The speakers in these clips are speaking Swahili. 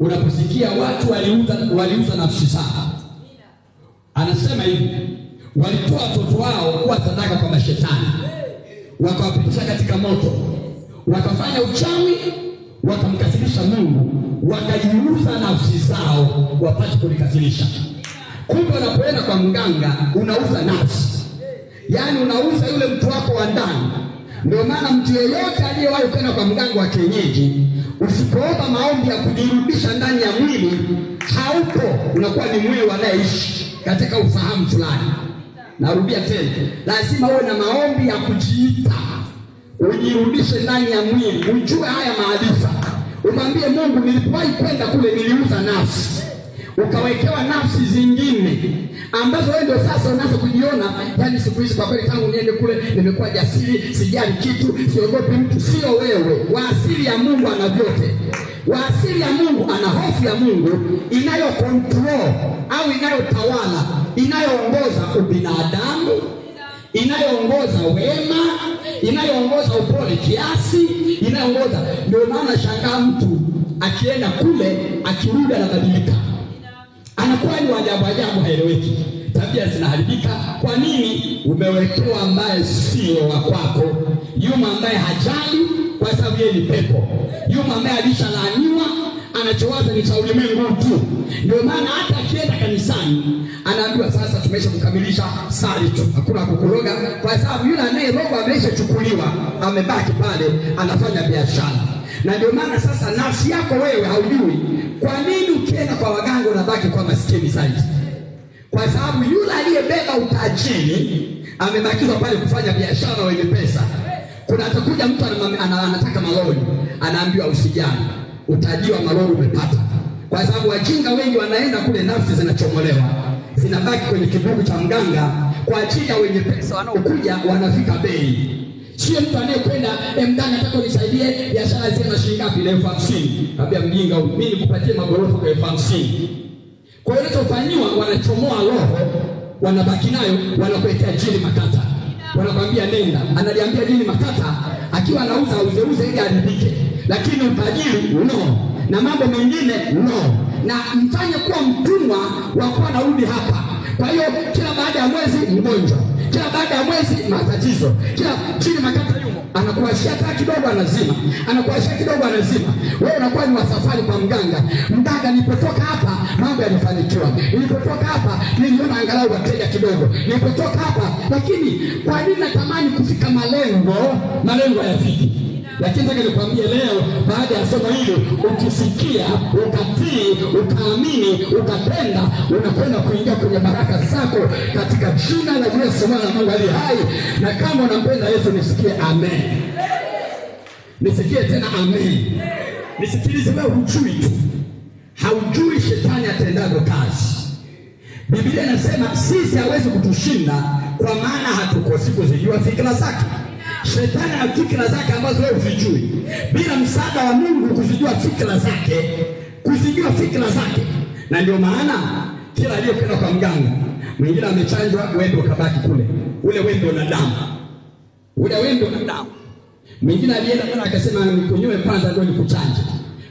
Unaposikia watu waliuza, waliuza nafsi zao, anasema hivi, walitoa watoto wao kuwa sadaka kwa mashetani, wakawapitisha katika moto, wakafanya uchawi, wakamkasirisha Mungu, wakajiuza nafsi zao wapate kulikasirisha. Kumbe unapoenda kwa mganga unauza nafsi, yaani unauza yule mtu wako wa ndani ndio maana mtu yeyote aliyewahi kwenda kwa mganga wa kienyeji, usipoomba maombi ya kujirudisha ndani ya mwili, haupo, unakuwa ni mwili anayeishi katika ufahamu fulani. Narudia tena, lazima uwe na maombi ya kujiita, ujirudishe ndani ya mwili, ujue haya maarifa, umwambie Mungu, nilipowahi kwenda kule niliuza nafsi ukawekewa nafsi zingine ambazo wewe ndio sasa unaanza kujiona, yani siku hizi kwa kweli, tangu niende kule nimekuwa jasiri, sijali kitu, siogopi mtu. Sio wewe, wa asili ya Mungu ana vyote wa asili ya Mungu ana hofu ya Mungu inayokontrol au inayotawala inayoongoza ubinadamu inayoongoza wema inayoongoza upole kiasi inayoongoza. Ndio maana shangaa mtu akienda kule akirudi anabadilika anakuwa ni wajabu ajabu, haeleweki, tabia zinaharibika. Kwa nini? Umewekewa ambaye sio wa kwako, yuma ambaye hajali kwa sababu yeye ni pepo, yuma ambaye alishalaaniwa, anachowaza ni cha ulimwengu tu. Ndio maana hata akienda kanisani anaambiwa sasa, tumesha kukamilisha sali tu, hakuna kukuroga, kwa sababu yule anaye roho ameshachukuliwa, amebaki pale anafanya biashara. Na ndio maana sasa nafsi yako wewe haujui kwa nini ukienda kwa waganga unabaki kwa maskini zaidi? Kwa sababu yule aliyebeba utajiri amebakizwa pale kufanya biashara wenye pesa. Kuna atakuja mtu anataka malori, anaambiwa usijali, utajiri wa malori umepata. Kwa sababu wajinga wengi wanaenda kule, nafsi zinachomolewa, zinabaki kwenye kibugu cha mganga. Kwa ajili ya wenye pesa wanaokuja wanafika bei Sio mtu anayekwenda eh, mdani nataka nisaidie biashara zima shilingi ngapi? Na elfu hamsini kabla mjinga huyu, mimi nikupatie magorofa kwa elfu hamsini Kwa hiyo unachofanyiwa, wanachomoa roho, wanabaki nayo, wanakuletea jini makata, wanakwambia nenda. Analiambia jini makata, akiwa anauza auzeuze ili aridhike, lakini utajiri no, na mambo mengine no, na mfanye kuwa mtumwa wa kuwa narudi hapa. Kwa hiyo kila baada ya mwezi mgonjwa kila baada ya mwezi matatizo, kila chini makata yumo, anakuashia taa kidogo anazima, anakuashia kidogo anazima. Wewe unakuwa ni wasafari kwa mganga. Mganga, nilipotoka hapa mambo yalifanikiwa, nilipotoka hapa niliona angalau wateja kidogo, nilipotoka hapa. Lakini kwa nini natamani kufika malengo, malengo yafiki? Lakini nataka nikwambie leo, baada ya somo hili, ukisikia ukatii, ukaamini, ukatenda, unakwenda kuingia kwenye baraka zako katika jina la Yesu mwana Mungu aliye hai. Na kama unampenda Yesu, nisikie amen, nisikie tena amen. Nisikilize, wewe hujui tu, haujui shetani atendago kazi. Biblia inasema sisi hawezi kutushinda kwa maana hatukosi kuzijua fikra zake. Shetani ana fikra zake ambazo wewe huzijui. Bila msaada wa Mungu kuzijua fikra zake, kuzijua fikra zake. Na ndio maana kila aliyekwenda kwa mganga, mwingine amechanjwa wembe ukabaki kule, ule wembe una damu, ule wembe una damu. Mwingine alienda pale akasema, nikunyoe kwanza ndio nikuchanje.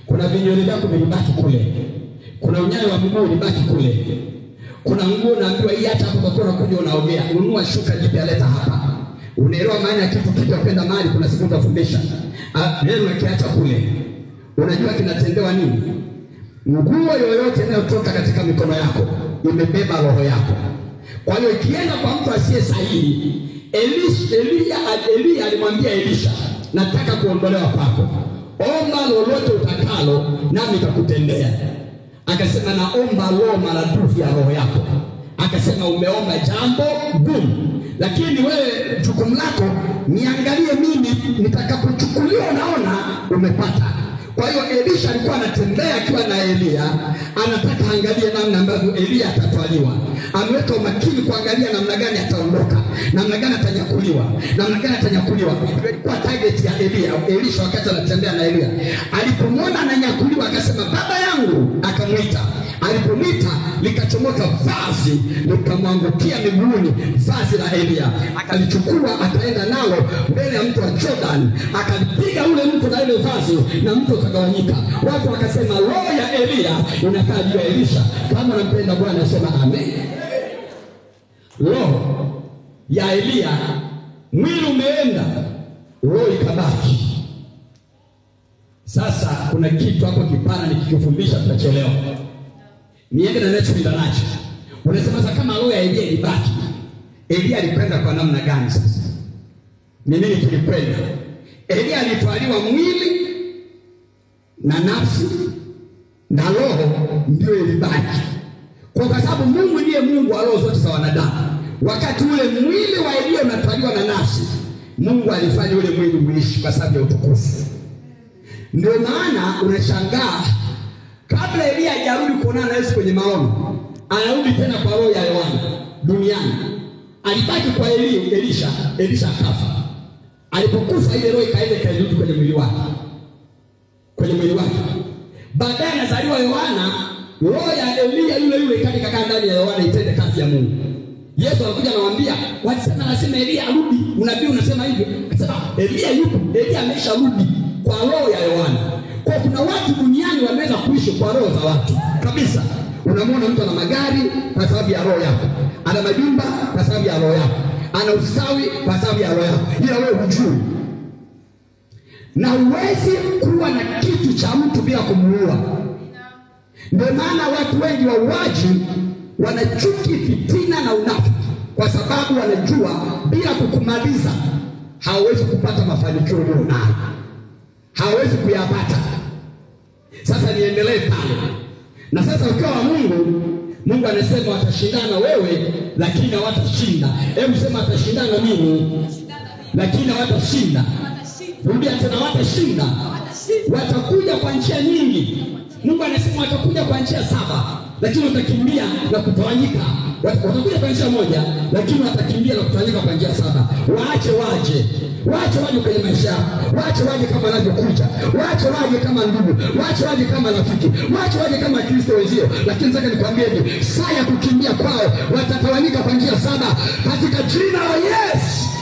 Kuna vinyoni vyako vilibaki kule, kuna unyayo wa mguu ulibaki kule, kuna nguo Naambiwa hii, hata hapo unakuja unaogea, unua shuka jipya, leta hapa unaelewa maana ya kitu kitu Kwenda mahali kuna siku utafundisha ah, neno, kiacha kule, unajua kinatendewa nini? Nguo yoyote inayotoka katika mikono yako imebeba roho yako. Kwa hiyo ikienda kwa mtu asiye sahihi, Elia alimwambia Elisha, nataka kuondolewa kwako, omba lolote utakalo nami nitakutendea. Akasema naomba roho maradufu ya roho yako. Akasema umeomba jambo gumu lakini wewe jukumu lako niangalie mimi nitakapochukuliwa, naona umepata. Kwa hiyo Elisha alikuwa anatembea akiwa na Elia, anataka angalie namna ambavyo Elia atatwaliwa. Ameweka umakini kuangalia namna gani ataondoka, namna gani atanyakuliwa, namna gani atanyakuliwa. Ilikuwa target ya Elia, Elisha wakati anatembea na Elia. Alipomwona ananyakuliwa, akasema baba yangu, akamwita alipomita likachomoka vazi likamwangukia miguuni, vazi la Elia. Akalichukua akaenda nalo mbele ya mto wa Jordan, akalipiga ule mtu na ile vazi, na mtu ukagawanyika. Watu wakasema roho ya Elia inakaa juu ya Elisha. Kama unampenda Bwana sema amen. Roho ya Elia, mwili umeenda, roho ikabaki. Sasa kuna kitu hapo kipana, nikikifundisha tutachelewa niende na ninachopenda nacho. Unasema sasa, kama roho ya Elia ilibaki, Elia alikwenda kwa namna gani? Sasa ni nini kilikwenda? Elia alitwaliwa mwili na nafsi na roho ndio ilibaki, kwa sababu Mungu ndiye Mungu wa roho zote za wanadamu. Wakati ule mwili wa Elia unatwaliwa na nafsi, Mungu alifanya ule mwili uishi kwa sababu ya utukufu. Ndio maana unashangaa Kabla Elia hajarudi kuonana na Yesu kwenye maono, anarudi tena kwa roho ya Yohana duniani. Alibaki kwa Elia, Elisha, Elisha akafa. Alipokufa ile roho ikaenda ikarudi kwenye mwili wake, kwenye mwili wake. Baadaye anazaliwa Yohana, roho ya Elia yule yule ikaja ikakaa ndani ya Yohana itende kazi ya Mungu. Yesu anakuja anamwambia, walisema anasema Elia arudi, unabii unasema hivyo. Akasema Elia yupo, Elia amesha rudi kwa roho ya Yohana. Kwa kuna watu duniani wame kwa roho za watu kabisa. Unamwona mtu ana magari kwa sababu ya roho yako, ana majumba kwa sababu ya roho yako, ana ustawi kwa sababu ya roho yako, ila wewe hujui. Na huwezi kuwa na kitu cha mtu bila kumuua. Ndio maana watu wengi wauaji wanachuki fitina na unafiki, kwa sababu wanajua bila kukumaliza hawawezi kupata mafanikio nayo, hawawezi kuyapata niendelee pale. Na sasa ukiwa wa Mungu, Mungu anasema watashindana wewe, lakini hawatashinda. Hebu sema watashindana mimi, lakini hawatashinda. Rudia tena, hawatashinda. Watakuja kwa njia nyingi. Mungu anasema watakuja kwa njia saba, lakini watakimbia na kutawanyika. Watakuja kwa njia moja, lakini watakimbia na kutawanyika kwa njia saba. Waache waje wache waje kwenye maisha yako, wache waje kama anavyokuja, wache waje kama ndugu, wache waje kama rafiki, wache waje kama Kristo wenzio. Lakini sasa nikwambie hivi, saa ya kukimbia kwao watatawanyika kwa njia saba katika jina la Yesu.